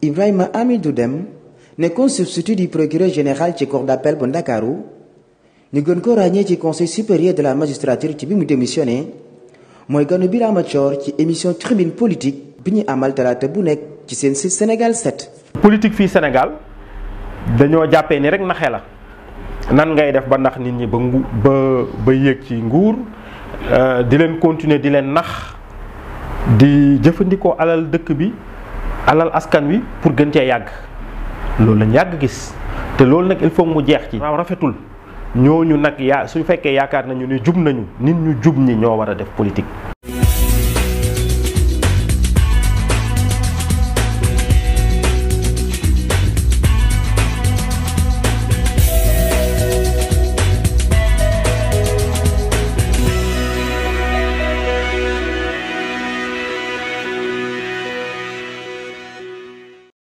Ibrahima Amidou Dème nekkoon substitut du procureur général ci cour d'appel bu Ndakaaru ñu gën ko ràññee ci conseil supérieur de la magistrature ci bi mu démissionné mooy ganu Birama Thior ci émission tribune politique bi ñu amal talaata bu nekk ci seen si Sénégal set politique fii Sénégal dañoo jàppee ni rek naxe la nan ngay def ba ndax nit ñi ba ngu ba ba yéeg ci nguur euh, di leen continuer di leen nax di jëfandikoo alal dëkk bi. alal askan wi pour gën cee yàgg loolu lañ yàgg gis te loolu nag il faut mu jeex ci. waaw rafetul ñooñu nag yaa su fekkee yaakaar nañu ni jub nañu nit ñu jub ñi ñoo war a def politique.